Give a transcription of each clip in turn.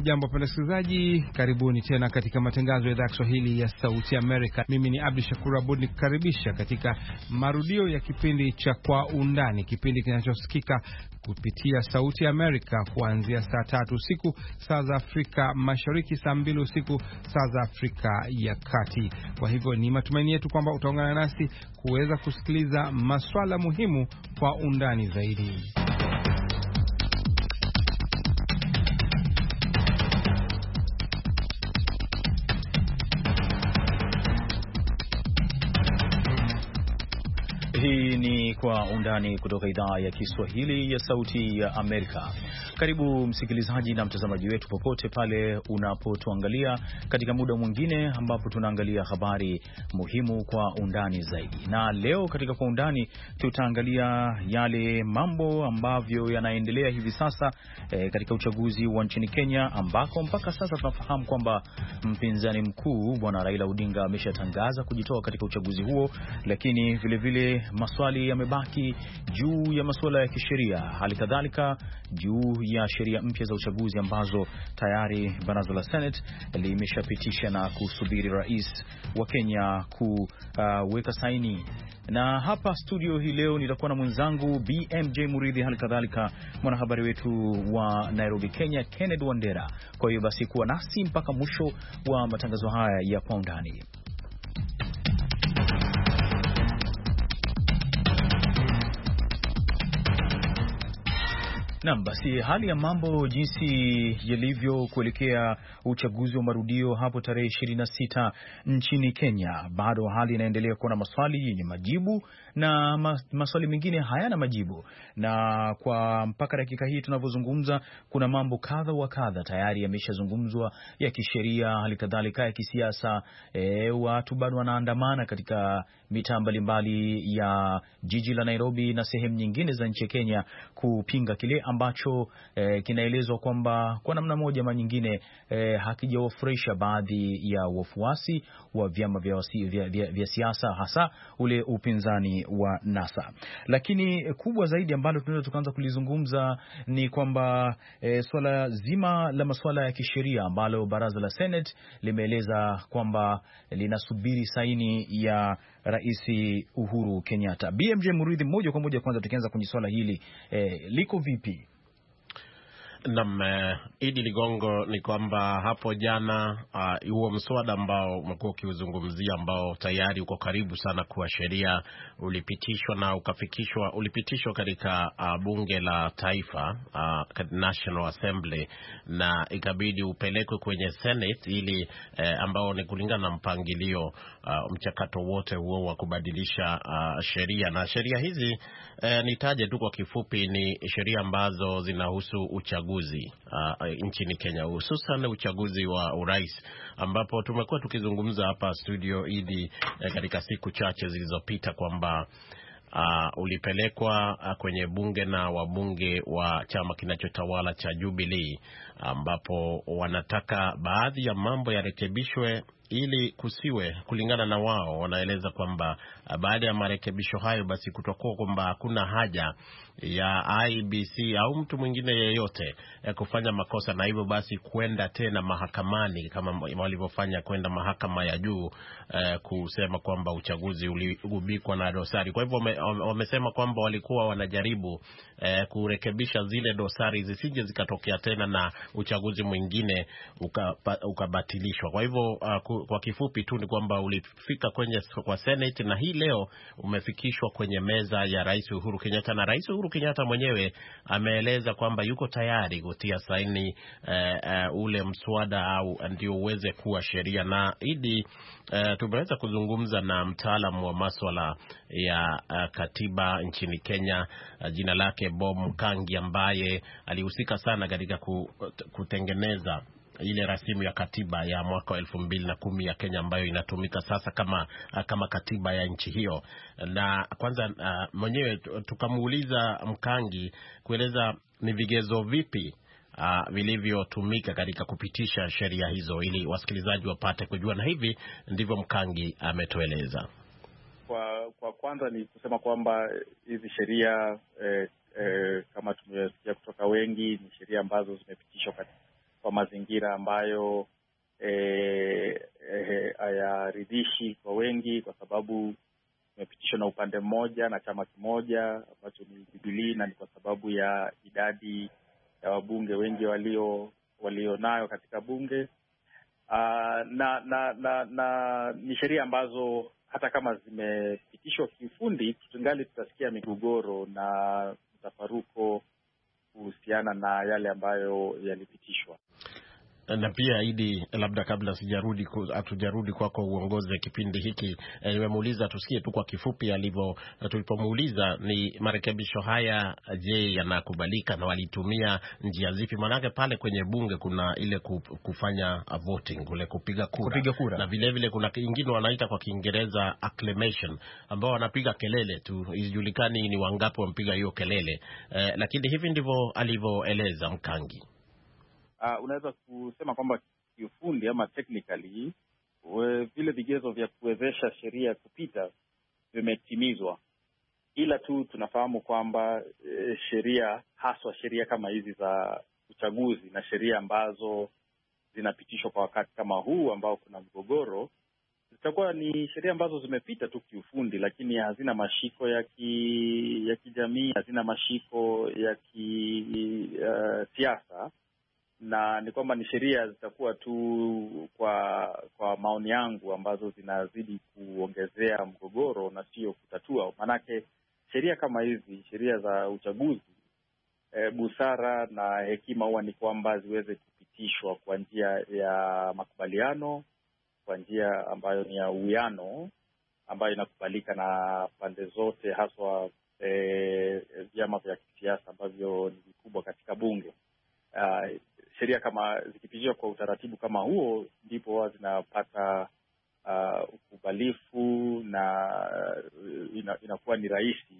Hamjambo wapenda wasikilizaji, karibuni tena katika matangazo ya idhaa ya Kiswahili ya Sauti Amerika. Mimi ni Abdu Shakur Abud nikukaribisha katika marudio ya kipindi cha Kwa Undani, kipindi kinachosikika kupitia Sauti Amerika kuanzia saa tatu usiku saa za Afrika Mashariki, saa mbili usiku saa za Afrika ya Kati. Kwa hivyo ni matumaini yetu kwamba utaungana nasi kuweza kusikiliza maswala muhimu kwa undani zaidi. undani kutoka idhaa ya Kiswahili ya Sauti ya Amerika. Karibu msikilizaji na mtazamaji wetu popote pale unapotuangalia katika muda mwingine ambapo tunaangalia habari muhimu kwa undani zaidi. Na leo katika kwa undani tutaangalia yale mambo ambavyo yanaendelea hivi sasa e, katika uchaguzi wa nchini Kenya ambako mpaka sasa tunafahamu kwamba mpinzani mkuu Bwana Raila Odinga ameshatangaza kujitoa katika uchaguzi huo, lakini vilevile maswali yamebaki haki juu ya masuala ya kisheria, hali kadhalika juu ya sheria mpya za uchaguzi ambazo tayari baraza la Senate limeshapitisha na kusubiri rais wa Kenya kuweka uh, saini. Na hapa studio hii leo nitakuwa na mwenzangu BMJ Muridhi, hali kadhalika mwanahabari wetu wa Nairobi, Kenya, Kenneth Wandera. Kwa hiyo basi kuwa nasi mpaka mwisho wa matangazo haya ya kwa undani. Naam, basi hali ya mambo jinsi yalivyo kuelekea uchaguzi wa marudio hapo tarehe ishirini na sita nchini Kenya, bado hali inaendelea kuwa na maswali yenye majibu na maswali mengine hayana majibu, na kwa mpaka dakika hii tunavyozungumza, kuna mambo kadha wa kadha tayari yameshazungumzwa ya kisheria, hali kadhalika ya kisiasa. E, watu bado wanaandamana katika mitaa mbalimbali ya jiji la Nairobi na sehemu nyingine za nchi ya Kenya kupinga kile ambacho e, kinaelezwa kwamba kwa namna moja ama nyingine e, eh, hakijawafurahisha baadhi ya wafuasi wa vyama vya, vya, vya, vya siasa hasa ule upinzani wa NASA. Lakini kubwa zaidi ambalo tunaweza tukaanza kulizungumza ni kwamba e, swala zima la masuala ya kisheria ambalo baraza la Senate limeeleza kwamba linasubiri saini ya Rais Uhuru Kenyatta. BMJ Muridhi, moja kwa moja, kwanza tukianza kwenye swala hili eh, liko vipi Nam eh, Idi Ligongo, ni kwamba hapo jana ah, huo uh, mswada ambao umekuwa ukiuzungumzia ambao tayari uko karibu sana kuwa sheria ulipitishwa na ukafikishwa, ulipitishwa katika uh, bunge la taifa uh, National Assembly na ikabidi upelekwe kwenye Senate ili uh, ambao ni kulingana na mpangilio uh, mchakato wote huo wa kubadilisha uh, sheria na sheria hizi uh, nitaje tu kwa kifupi, ni sheria ambazo zinahusu uchaguzi uchaguzi uh, uh, nchini Kenya, hususan uchaguzi wa urais, ambapo tumekuwa tukizungumza hapa studio Idi eh, katika siku chache zilizopita kwamba Uh, ulipelekwa uh, kwenye bunge na wabunge wa chama kinachotawala cha Jubilee ambapo wanataka baadhi ya mambo yarekebishwe ili kusiwe kulingana na wao, wanaeleza kwamba ah, baada ya marekebisho hayo, basi kutokuwa kwamba hakuna haja ya IBC au mtu mwingine yeyote eh, kufanya makosa, na hivyo basi kwenda tena mahakamani kama walivyofanya kwenda mahakama ya juu eh, kusema kwamba uchaguzi uligubikwa na dosari. Kwa hivyo wamesema kwamba walikuwa wanajaribu eh, kurekebisha zile dosari zisije zikatokea tena na uchaguzi mwingine ukabatilishwa uka kwa hivyo uh, kwa kifupi tu ni kwamba ulifika kwenye kwa Senate na hii leo umefikishwa kwenye meza ya Rais Uhuru Kenyatta, na Rais Uhuru Kenyatta mwenyewe ameeleza kwamba yuko tayari kutia saini uh, uh, ule mswada au ndio uweze kuwa sheria. Na idi uh, tumeweza kuzungumza na mtaalamu wa maswala ya uh, katiba nchini Kenya uh, jina lake Bob Mkangi ambaye alihusika sana katika kutengeneza ile rasimu ya katiba ya mwaka wa elfu mbili na kumi ya Kenya ambayo inatumika sasa kama eh, kama katiba ya nchi hiyo. Na kwanza uh, mwenyewe tukamuuliza Mkangi kueleza ni vigezo vipi Uh, vilivyotumika katika kupitisha sheria hizo ili wasikilizaji wapate kujua, na hivi ndivyo Mkangi ametueleza. Kwa, kwa kwanza ni kusema kwamba hizi sheria eh, eh, kama tumesikia kutoka wengi, ni sheria ambazo zimepitishwa katika kwa mazingira ambayo eh, eh, hayaridhishi e, e, kwa wengi, kwa sababu imepitishwa na upande mmoja na chama kimoja ambacho ni Jubilii, na ni kwa sababu ya idadi ya wabunge wengi walio walionayo katika bunge. uh, na na na, na ni sheria ambazo hata kama zimepitishwa kiufundi, tungali tutasikia migogoro na mtafaruko kuhusiana na yale ambayo yalipitishwa na pia Idi, labda kabla sijarudi hatujarudi kwako uongozi wa kipindi hiki, eh, nimemuuliza tusikie tu kwa kifupi alivyo, eh, tulipomuuliza ni marekebisho haya, je, yanakubalika na walitumia njia zipi? Maanake pale kwenye bunge kuna ile kufanya voting, kule kupiga kura, kupiga kura, na vile vile kuna kingine wanaita kwa Kiingereza acclamation, ambao wanapiga kelele tu, ijulikani ni wangapi wampiga hiyo kelele eh, lakini hivi ndivyo alivyoeleza Mkangi uh, unaweza kusema kwamba kiufundi ama technically we, vile vigezo vya kuwezesha sheria kupita vimetimizwa, ila tu tunafahamu kwamba e, sheria haswa sheria kama hizi za uchaguzi na sheria ambazo zinapitishwa kwa wakati kama huu ambao kuna mgogoro zitakuwa ni sheria ambazo zimepita tu kiufundi, lakini hazina mashiko ya ki, ya kijamii, hazina mashiko ya kisiasa eh, uh, na ni kwamba ni sheria zitakuwa tu kwa kwa maoni yangu ambazo zinazidi kuongezea mgogoro na sio kutatua. Maanake sheria kama hizi, sheria za uchaguzi e, busara na hekima huwa ni kwamba ziweze kupitishwa kwa njia ya makubaliano, kwa njia ambayo ni ya uwiano, ambayo inakubalika na pande zote, haswa eh, vyama e, vya kisiasa ambavyo ni vikubwa katika bunge. Uh, sheria kama zikipitishwa kwa utaratibu kama huo, ndipo huwa zinapata uh, ukubalifu na uh, ina, inakuwa ni rahisi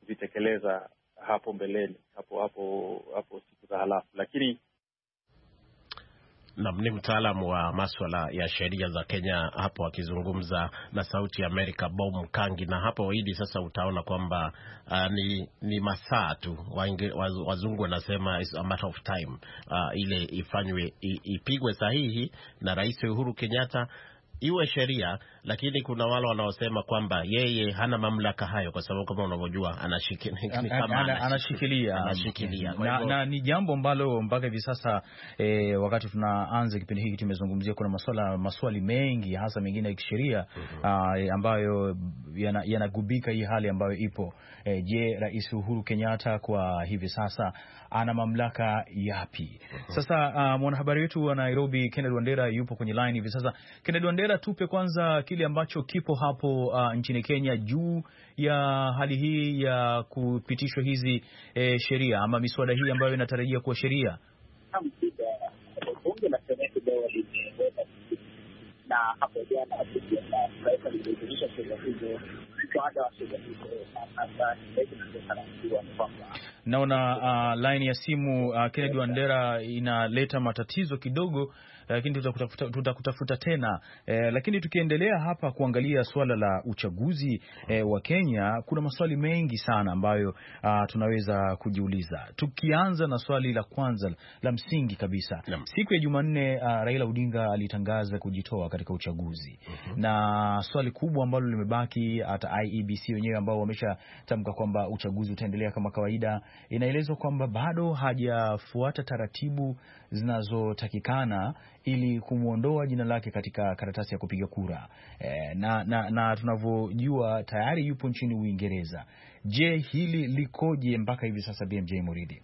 kuzitekeleza hapo mbeleni hapo hapo hapo siku za halafu, lakini Nam ni mtaalamu wa maswala ya sheria za Kenya hapo akizungumza na Sauti Amerika, bom Mkangi. Na hapo hidi sasa utaona kwamba uh, ni, ni masaa tu wazungu wanasema is a matter of time uh, ile ifanywe ipigwe sahihi na Rais Uhuru Kenyatta iwe sheria, lakini kuna wale wanaosema kwamba yeye hana mamlaka hayo, kwa sababu kama unavyojua anashikilia na, ni jambo ambalo mpaka hivi sasa e, wakati tunaanza kipindi hiki tumezungumzia kuna maswala maswali mengi hasa mengine ya kisheria mm -hmm. ambayo yanagubika yana hii hali ambayo ipo e, je, Rais Uhuru Kenyatta kwa hivi sasa ana mamlaka yapi? Mhm. Sasa uh, mwanahabari wetu wa Nairobi Kennedy Wandera yupo kwenye line hivi sasa. Kennedy Wandera, tupe kwanza kile ambacho kipo hapo uh, nchini Kenya juu ya hali hii ya kupitishwa hizi eh, sheria ama miswada hii ambayo inatarajia kuwa sheria na hapo jana sheria hizo naona uh, laini ya simu uh, Kennedy Wandera inaleta matatizo kidogo lakini tutakutafuta, tutakutafuta tena e, lakini tukiendelea hapa kuangalia suala la uchaguzi e, wa Kenya, kuna maswali mengi sana ambayo a, ah, tunaweza kujiuliza, tukianza na swali la kwanza la msingi kabisa Lam. Siku ya Jumanne ah, Raila Odinga alitangaza kujitoa katika uchaguzi uhum. na swali kubwa ambalo limebaki, hata IEBC wenyewe ambao wameshatamka kwamba uchaguzi utaendelea kama kawaida, inaelezwa kwamba bado hajafuata taratibu zinazotakikana ili kumwondoa jina lake katika karatasi ya kupiga kura e, na, na, na tunavyojua tayari yupo nchini Uingereza. Je, hili likoje mpaka hivi sasa, BMJ Muridi?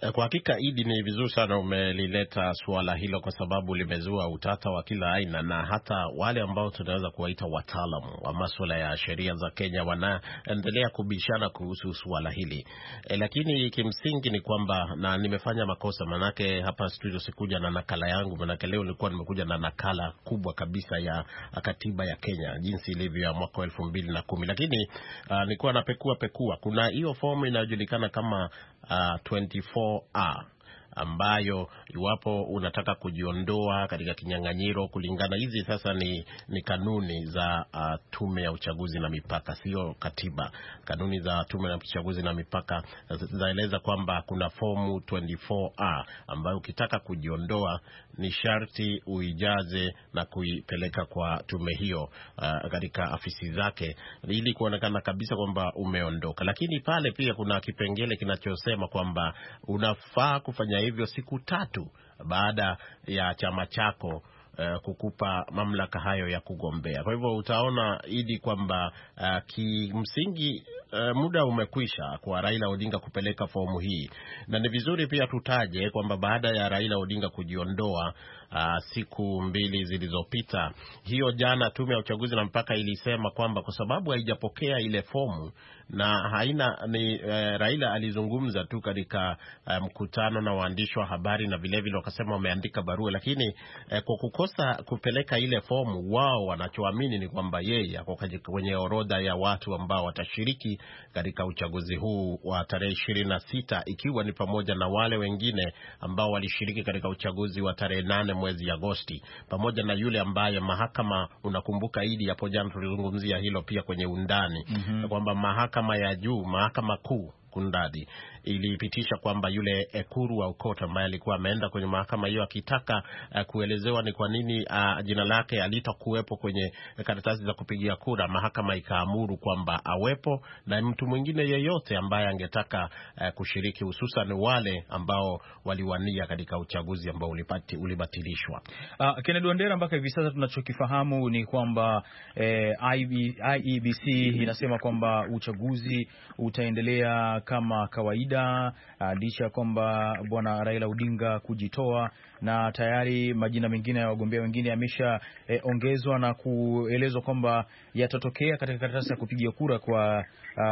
Eh, kwa hakika Idi, ni vizuri sana umelileta suala hilo, kwa sababu limezua utata wa kila aina, na hata wale ambao tunaweza kuwaita wataalamu wa maswala ya sheria za Kenya wanaendelea kubishana kuhusu suala hili e, lakini kimsingi ni kwamba, na nimefanya makosa manake hapa studio sikuja na nakala yangu, manake leo nilikuwa nimekuja na nakala kubwa kabisa ya katiba ya Kenya jinsi ilivyo ya mwaka elfu mbili na kumi, lakini uh, nilikuwa napekua pekua, kuna hiyo fomu inayojulikana kama Uh, 24 R. ambayo iwapo unataka kujiondoa katika kinyang'anyiro, kulingana hizi sasa ni, ni kanuni za uh, tume ya uchaguzi na mipaka, sio katiba. Kanuni za tume ya uchaguzi na mipaka zaeleza kwamba kuna fomu 24A ambayo ukitaka kujiondoa ni sharti uijaze na kuipeleka kwa tume hiyo uh, katika afisi zake ili kuonekana kabisa kwamba umeondoka. Lakini pale pia kuna kipengele kinachosema kwamba unafaa kufanya hivyo siku tatu baada ya chama chako Uh, kukupa mamlaka hayo ya kugombea. Kwa hivyo utaona idi kwamba uh, kimsingi uh, muda umekwisha kwa Raila Odinga kupeleka fomu hii, na ni vizuri pia tutaje kwamba baada ya Raila Odinga kujiondoa uh, siku mbili zilizopita, hiyo jana, tume ya uchaguzi na mpaka ilisema kwamba kwa sababu haijapokea ile fomu na haina ni, uh, Raila alizungumza tu katika eh, mkutano na waandishi wa habari na vilevile wakasema wameandika barua, lakini uh, kwa kukosa kupeleka ile fomu, wao wanachoamini ni kwamba yeye ako kwenye orodha ya watu ambao watashiriki katika uchaguzi huu wa tarehe ishirini na sita ikiwa ni pamoja na wale wengine ambao walishiriki katika uchaguzi wa tarehe nane mwezi Agosti pamoja na yule ambaye mahakama, unakumbuka Idi, hapo jana tulizungumzia hilo pia kwenye undani mm -hmm. kwamba mahakama ya juu, mahakama kuu kundadi ilipitisha kwamba yule Ekuru wa Okot ambaye alikuwa ameenda kwenye mahakama hiyo akitaka uh, kuelezewa ni kwa nini uh, jina lake alitakuwepo kwenye karatasi za kupigia kura, mahakama ikaamuru kwamba awepo na mtu mwingine yeyote ambaye angetaka uh, kushiriki, hususan wale ambao waliwania katika uchaguzi ambao ulipati, ulibatilishwa. Uh, Kennedy Wandera, mpaka hivi sasa tunachokifahamu ni kwamba eh, IEBC mm-hmm. inasema kwamba uchaguzi utaendelea kama kawaida, ah, licha ya kwamba bwana Raila Odinga kujitoa na tayari majina mengine ya wagombea wengine yameshaongezwa eh, na kuelezwa kwamba yatatokea katika karatasi ya kupigia kura kwa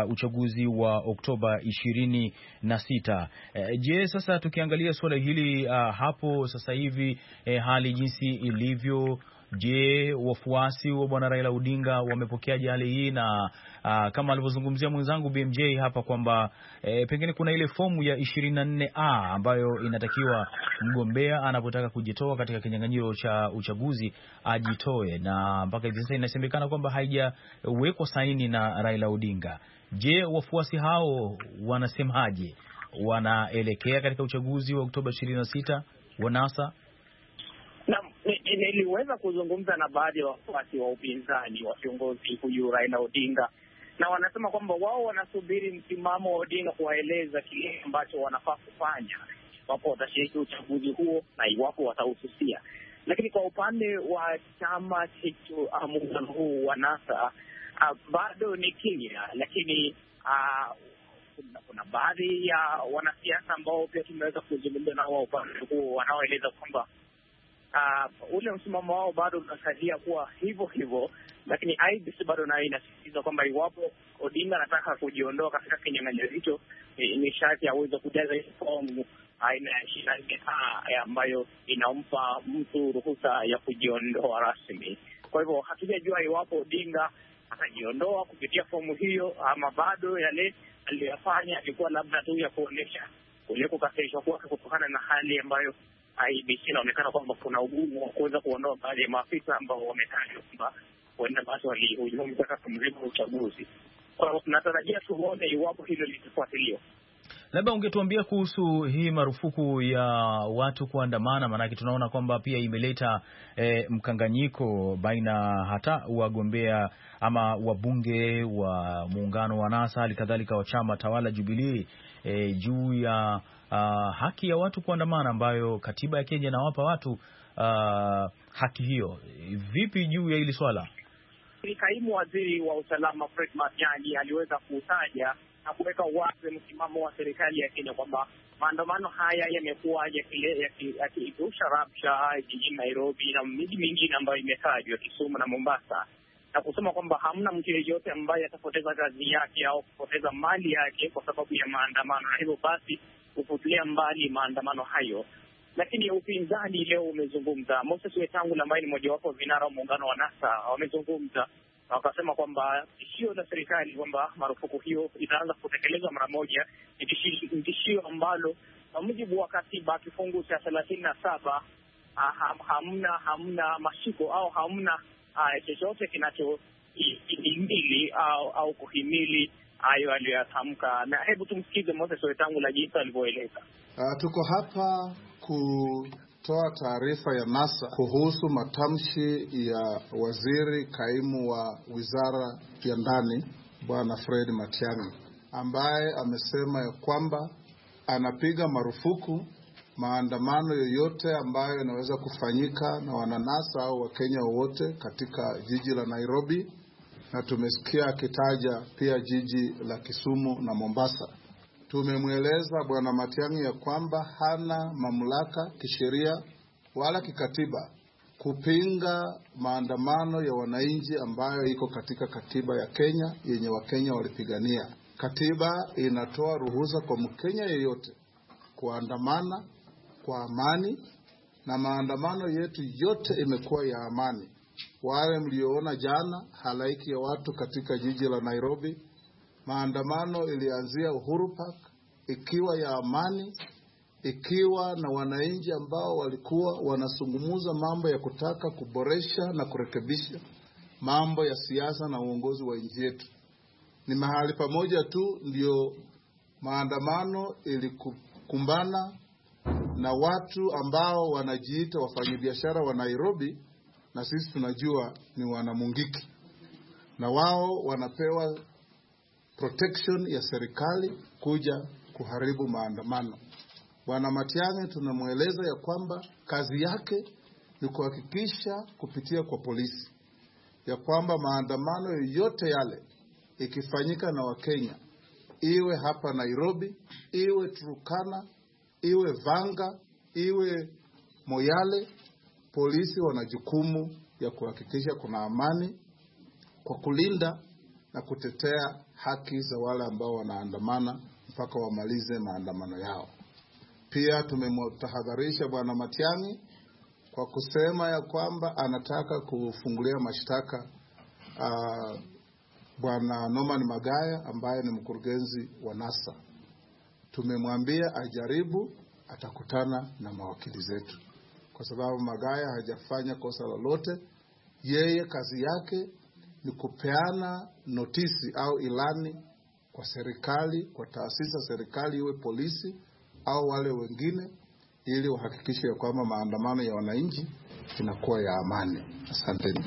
uh, uchaguzi wa Oktoba ishirini na sita. Eh, je, sasa tukiangalia suala hili uh, hapo sasa hivi eh, hali jinsi ilivyo Je, wafuasi wa bwana Raila Odinga wamepokeaje hali hii? Na aa, ah, kama alivyozungumzia mwenzangu BMJ hapa kwamba e, pengine kuna ile fomu ya 24A ambayo inatakiwa mgombea anapotaka kujitoa katika kinyang'anyiro cha uchaguzi ajitoe, na mpaka hivi sasa inasemekana kwamba haijawekwa saini na Raila Odinga. Je, wafuasi hao wanasemaje? Wanaelekea katika uchaguzi wa Oktoba 26 wa NASA? niliweza kuzungumza na baadhi ya wafuasi wa upinzani wa kiongozi huyu Raila Odinga, na wanasema kwamba wao wanasubiri msimamo wa Odinga kuwaeleza kile ambacho wanafaa kufanya iwapo watashiriki uchaguzi huo na iwapo watahususia. Lakini kwa upande wa chama chetu ah, muungano huu wa NASA ah, bado ni kimya, lakini uh, kuna, kuna baadhi ya wanasiasa ambao pia tumeweza kuzungumza nao wa upande huo wanaoeleza kwamba uh, ule msimamo wao bado unasalia kuwa hivyo hivyo, lakini IEBC bado nayo inasisitiza kwamba iwapo Odinga anataka kujiondoa katika kinyang'anyiro hicho ni sharti aweze kujaza hii fomu aina ya ishirini na nne a eh, ambayo inampa mtu ruhusa ya kujiondoa rasmi. Kwa hivyo hatujajua iwapo Odinga atajiondoa kupitia fomu hiyo ama bado yale aliyoyafanya alikuwa labda tu ya kuonyesha kule kukasirishwa kwake kutokana na hali ambayo IBC inaonekana kwamba kuna ugumu wa kuweza kuondoa baadhi ya maafisa ambao wametajwa kwamba huenda basi walihujumu mchakato mzima wa uchaguzi. Kwa hivyo tunatarajia tuone iwapo hilo litafuatiliwa. Labda ungetuambia kuhusu hii marufuku ya watu kuandamana, maanake tunaona kwamba pia imeleta e, mkanganyiko baina hata wagombea ama wabunge wa muungano wa NASA, hali kadhalika wa chama tawala jubilii e, eh, juu ya a, ah, haki ya watu kuandamana ambayo katiba ya Kenya inawapa watu a, ah, haki hiyo. Vipi juu ya hili swala? Ni kaimu waziri wa usalama Fred Matiang'i aliweza kutaja na kuweka wazi msimamo wa serikali ya Kenya kwamba maandamano haya yamekuwa yakiizusha rabsha jijini Nairobi na miji mingine ambayo imetajwa Kisumu na Mombasa, na kusema kwamba hamna mtu yeyote ambaye atapoteza kazi yake au kupoteza mali yake kwa sababu ya maandamano, na hivyo basi kufutilia mbali maandamano hayo. Lakini upinzani leo umezungumza. Moses Wetangula ambaye ni mojawapo wa vinara wa muungano wa NASA wamezungumza na wakasema kwamba tishio la serikali kwamba marufuku hiyo itaanza kutekelezwa mara moja ni tishio ambalo kwa mujibu wa katiba kifungu cha thelathini na saba ah, ham, hamna hamna mashiko au hamna ah, chochote kinachohimili au, au kuhimili hayo aliyoyatamka. Na hebu tumsikize Moses Wetangula jinsi alivyoeleza. Uh, tuko hapa ku toa taarifa ya NASA kuhusu matamshi ya waziri kaimu wa wizara ya ndani Bwana Fred Matiang'i ambaye amesema ya kwamba anapiga marufuku maandamano yoyote ambayo yanaweza kufanyika na wananasa au Wakenya wowote katika jiji la Nairobi, na tumesikia akitaja pia jiji la Kisumu na Mombasa. Tumemweleza Bwana Matiang'i ya kwamba hana mamlaka kisheria wala kikatiba kupinga maandamano ya wananchi ambayo iko katika katiba ya Kenya yenye Wakenya walipigania. Katiba inatoa ruhusa kwa Mkenya yeyote kuandamana kwa amani, na maandamano yetu yote imekuwa ya amani. Wale mlioona jana halaiki ya watu katika jiji la Nairobi Maandamano ilianzia Uhuru Park ikiwa ya amani, ikiwa na wananchi ambao walikuwa wanasungumuza mambo ya kutaka kuboresha na kurekebisha mambo ya siasa na uongozi wa nchi yetu. Ni mahali pamoja tu ndio maandamano ilikumbana na watu ambao wanajiita wafanyabiashara wa Nairobi, na sisi tunajua ni wanamungiki, na wao wanapewa protection ya serikali kuja kuharibu maandamano. Bwana Matiang'i tunamweleza ya kwamba kazi yake ni kuhakikisha kupitia kwa polisi ya kwamba maandamano yoyote yale ikifanyika na Wakenya, iwe hapa Nairobi, iwe Turukana, iwe Vanga, iwe Moyale, polisi wana jukumu ya kuhakikisha kuna amani kwa kulinda na kutetea haki za wale ambao wanaandamana mpaka wamalize maandamano yao. Pia tumemtahadharisha Bwana Matiang'i kwa kusema ya kwamba anataka kufungulia mashtaka uh, Bwana Norman Magaya ambaye ni mkurugenzi wa NASA. Tumemwambia ajaribu, atakutana na mawakili zetu, kwa sababu Magaya hajafanya kosa lolote. Yeye kazi yake ni kupeana notisi au ilani kwa serikali, kwa taasisi za serikali, iwe polisi au wale wengine, ili wahakikishe ya kwamba maandamano ya wananchi inakuwa ya amani. Asanteni.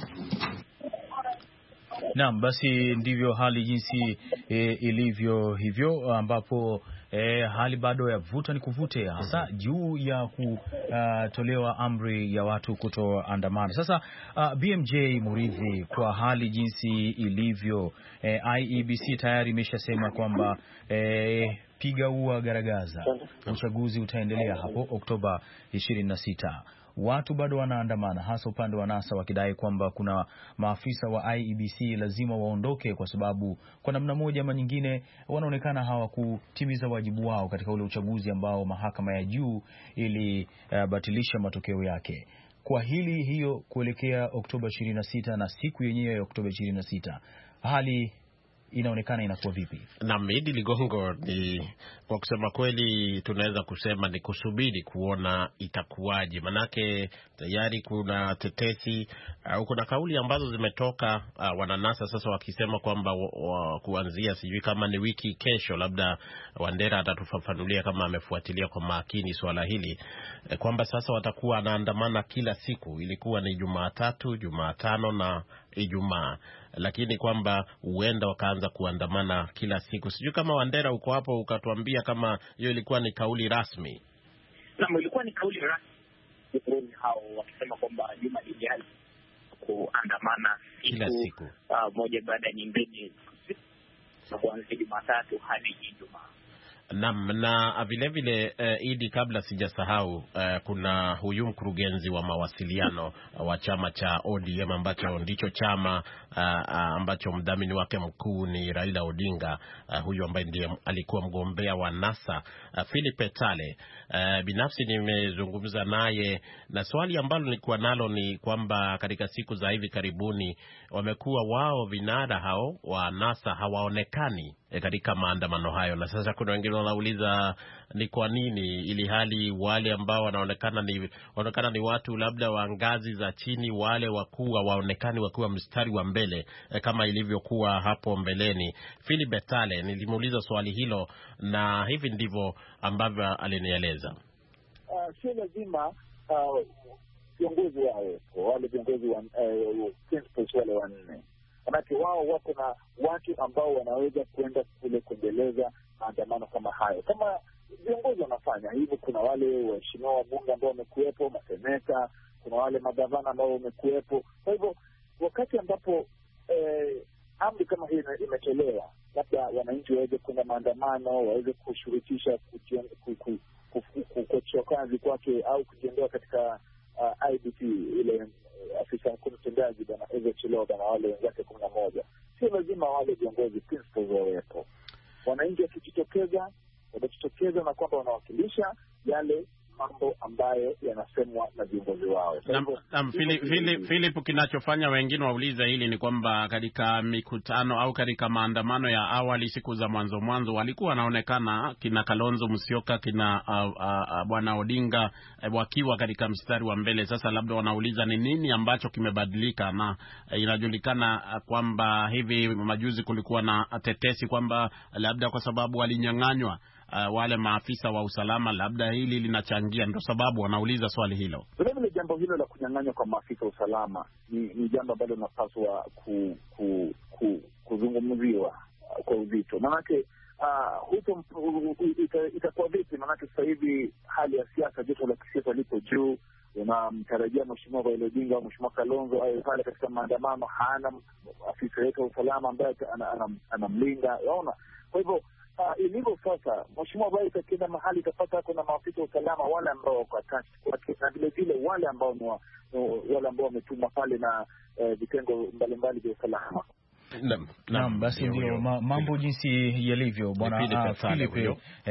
Naam, basi ndivyo hali jinsi e, ilivyo hivyo, ambapo e, hali bado ya vuta ni kuvute, hasa mm-hmm. juu ya kutolewa uh, amri ya watu kutoandamana. Sasa uh, BMJ Muridhi, kwa hali jinsi ilivyo e, IEBC tayari imeshasema kwamba e, piga ua garagaza, uchaguzi utaendelea hapo Oktoba 26 watu bado wanaandamana, hasa upande wa NASA wakidai kwamba kuna maafisa wa IEBC lazima waondoke, kwa sababu kwa namna moja ama nyingine wanaonekana hawakutimiza wajibu wao katika ule uchaguzi ambao mahakama ya juu ilibatilisha uh, matokeo yake. Kwa hili hiyo kuelekea Oktoba 26 na siku yenyewe ya Oktoba 26 hali inaonekana inakuwa vipi? Na Idi Ligongo, ni kwa kusema kweli tunaweza kusema ni kusubiri kuona itakuwaje, manake tayari kuna tetesi au uh, kuna kauli ambazo zimetoka uh, wananasa sasa wakisema kwamba kuanzia sijui kama ni wiki kesho, labda Wandera atatufafanulia kama amefuatilia kwa makini swala hili eh, kwamba sasa watakuwa wanaandamana kila siku. Ilikuwa ni Jumatatu, Jumatano na Ijumaa, lakini kwamba huenda wakaanza kuandamana kila siku. Sijui kama Wandera uko hapo, ukatuambia kama hiyo ilikuwa ni kauli rasmi. Naam, ilikuwa ni kauli rasmi uhuru hao wakisema kwamba juma lijali kuandamana kila siku uh, moja baada ya nyingine kuanzia Jumatatu hadi Ijumaa. Naam, na vilevile vile, uh, Idi, kabla sijasahau, uh, kuna huyu mkurugenzi wa mawasiliano uh, wa chama cha ODM ambacho ndicho chama uh, uh, ambacho mdhamini wake mkuu ni Raila Odinga uh, huyu ambaye ndiye alikuwa mgombea wa NASA uh, Philip Etale uh, binafsi nimezungumza naye na swali ambalo nilikuwa nalo ni kwamba katika siku za hivi karibuni wamekuwa wao vinara hao wa NASA hawaonekani e, katika maandamano hayo. Na sasa kuna wengine wanauliza ni kwa nini, ili hali wale ambao wanaonekana ni, wanaonekana ni watu labda wa ngazi za chini, wale wakuu waonekani wakiwa mstari wa mbele e, kama ilivyokuwa hapo mbeleni. Philip Betale nilimuuliza swali hilo na hivi ndivyo ambavyo alinieleza. Uh, ah, sio lazima ah, viongozi uh, wawepo wale viongozi wa, uh, wale wanne manake wao wako na watu ambao wanaweza kuenda kule kuendeleza maandamano kama hayo, kama viongozi wanafanya hivyo. Kuna wale waheshimiwa wabunge ambao wamekuwepo, maseneta, kuna wale magavana ambao wamekuwepo. Kwa hivyo wakati ambapo eh, amri kama hii imetolewa, labda wananchi waweze kwenda maandamano, waweze kushurutisha kuachia kazi kwake au kujiondoa katika uh, IDP ile uh, afisa mkuu mtendaji bwana Eze Chiloba na wale wenzake kumi na moja, sio lazima wale viongozi principals wawepo. Wananchi wakijitokeza watajitokeza na kwamba wanawakilisha yale mambo ambayo yanasemwa na viongozi wao. Philip, kinachofanya wengine waulize hili ni kwamba katika mikutano au katika maandamano ya awali siku za mwanzo mwanzo walikuwa wanaonekana kina Kalonzo Musyoka, kina uh, uh, uh bwana Odinga uh, wakiwa katika mstari wa mbele. Sasa labda wanauliza ni nini ambacho kimebadilika, na uh, inajulikana uh, kwamba hivi majuzi kulikuwa na tetesi kwamba labda kwa sababu walinyang'anywa uh, wale maafisa wa usalama, labda hili linachangia, ndo sababu wanauliza swali hilo. Vilevile jambo hilo la kunyang'anywa kwa maafisa wa usalama ni, ni jambo ambalo linapaswa ku, ku, ku, kuzungumziwa kwa uzito, maanake ah, huko itakuwa vipi? Maanake sasa hivi hali ya siasa, joto la kisiasa lipo juu unamtarajia mheshimiwa Raila Odinga au mheshimiwa Kalonzo awe pale katika maandamano, hana afisa yetu wa usalama ambaye anamlinda. Waona, kwa hivyo Uh, ilivyo sasa, mheshimiwa Rais akienda mahali itapata kuna maafisa wa usalama wale ambao na vilevile wale ambao ni wale ambao wametumwa pale na eh, vitengo mbalimbali vya usalama. Naam, naam, basi ndio mambo jinsi yalivyo, bwana Philip. Ah,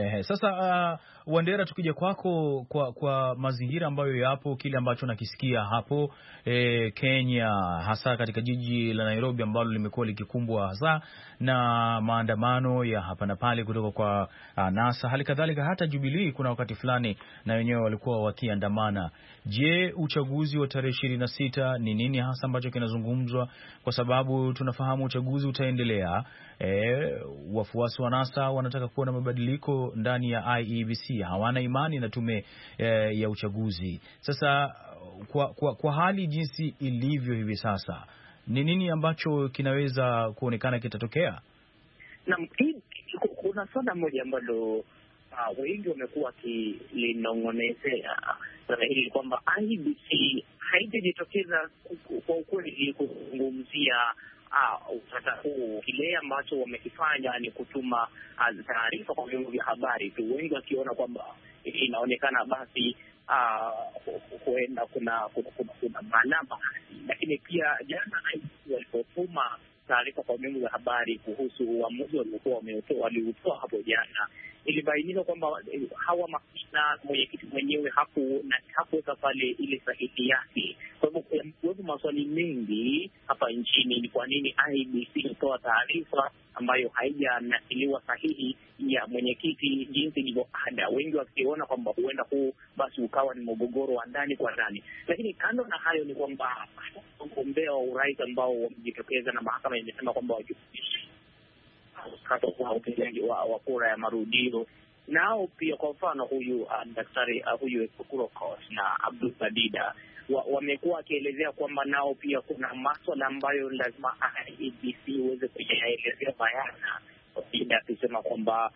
eh, eh, sasa ah, Wandera, tukija kwako kwa, kwa mazingira ambayo yapo, kile ambacho nakisikia hapo e, Kenya hasa katika jiji la Nairobi ambalo limekuwa likikumbwa hasa na maandamano ya hapa na pale kutoka kwa a, ah, NASA, hali kadhalika hata Jubilee kuna wakati fulani na wenyewe walikuwa wakiandamana. Je, uchaguzi wa tarehe ishirini na sita ni nini hasa ambacho kinazungumzwa? Kwa sababu tunafahamu uchaguzi utaendelea. E, wafuasi wa NASA wanataka kuona mabadiliko ndani ya IEBC demokrasia, hawana imani na tume e, ya uchaguzi. Sasa kwa, kwa, kwa hali jinsi ilivyo hivi sasa, ni nini ambacho kinaweza kuonekana kitatokea? Naam, kuna swala moja ambalo uh, wengi wamekuwa wakilinong'onezea swala hili kwamba IBC haijajitokeza kwa ukweli kuzungumzia utata ah, huu, kile ambacho wamekifanya ni kutuma ah, taarifa kwa vyombo vya habari tu, wengi wakiona kwamba inaonekana basi ah, huenda kuna kuna balaa. Lakini pia jana walipotuma taarifa kwa vyombo vya habari kuhusu uamuzi waliokuwa waliutoa hapo jana ilibainika kwamba eh, hawa makina mwenyekiti mwenyewe hakuweka pale ile sahihi yake. Kwa hivyo eh, kuwepo maswali mengi hapa nchini, ni kwa nini IBC hutoa taarifa ambayo haijanakiliwa sahihi ya mwenyekiti jinsi ilivyo ada, wengi wakiona kwamba huenda huu basi ukawa ni mgogoro wa ndani kwa ndani. Lakini kando na hayo ni kwamba wagombea wa urais ambao wamejitokeza na mahakama imesema kwamba wajumuishi hatakuwa upigaji wa, wa kura ya marudio nao pia kwa mfano huyu uh, daktari uh, huyu Kurokos na Abdul Badida wamekuwa wakielezea kwamba nao pia kuna maswala ambayo lazima IEBC iweze kuyaelezea bayana. Badida akisema kwamba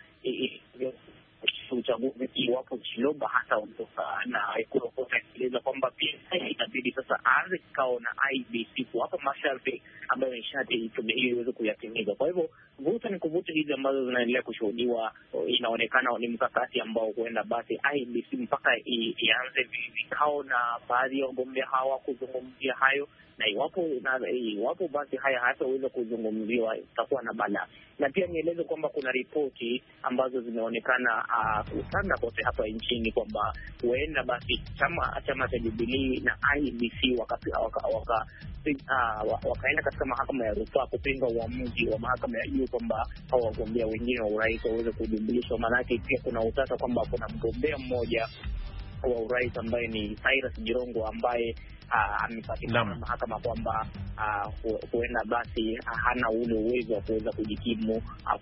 uchaguzi iwapo Chiloba ondoka, na Kurokos akieleza kwamba pia inabidi sasa aanze kikao na IEBC kuwapa masharti ambayo nishati tume hiyo iweze kuyatimiza. Kwa hivyo vuta ni kuvuta hizi ambazo zinaendelea kushuhudiwa, inaonekana ni mkakati ambao huenda basi IBC mpaka ianze vikao na baadhi ya wagombea hawa kuzungumzia hayo, na iwapo na iwapo basi haya hataweza kuzungumziwa itakuwa na balaa. Na pia nieleze kwamba kuna ripoti ambazo zimeonekana uh, kutanda kote hapa nchini kwamba huenda basi chama chama cha Jubilii na IBC wakaenda waka, waka, uh, waka ah, katika mahakama ya rufaa kupinga uamuzi wa mahakama ya juu kwamba hao wagombea wengine wa urais waweze kujumlishwa, maanake pia kuna utata kwamba kuna mgombea mmoja wa urais ambaye ni Cyrus Jirongo ambaye ah, amepatikana na mahakama kwamba ah, huenda basi hana ule uwezo wa kuweza kujikimu ah,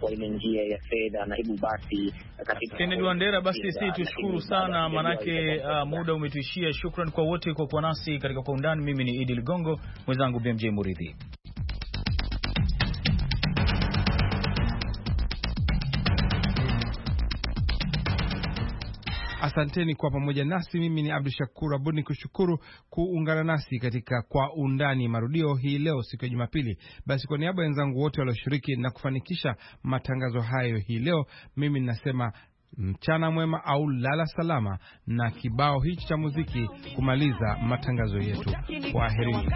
kwa ile njia ya fedha, na hivyo basi Kennedy Wandera, basi si tushukuru sana, maanake muda umetuishia. Shukran kwa wote kwa kuwa nasi katika kwa undani. Mimi ni Idi Ligongo, mwenzangu BMJ Muridhi. Asanteni kwa pamoja nasi. Mimi ni Abdu Shakur Abud ni kushukuru kuungana nasi katika Kwa Undani marudio hii leo siku ya Jumapili. Basi kwa niaba ya wenzangu wote walioshiriki na kufanikisha matangazo hayo hii leo, mimi ninasema mchana mwema au lala salama, na kibao hichi cha muziki kumaliza matangazo yetu. kwa Kwaherini.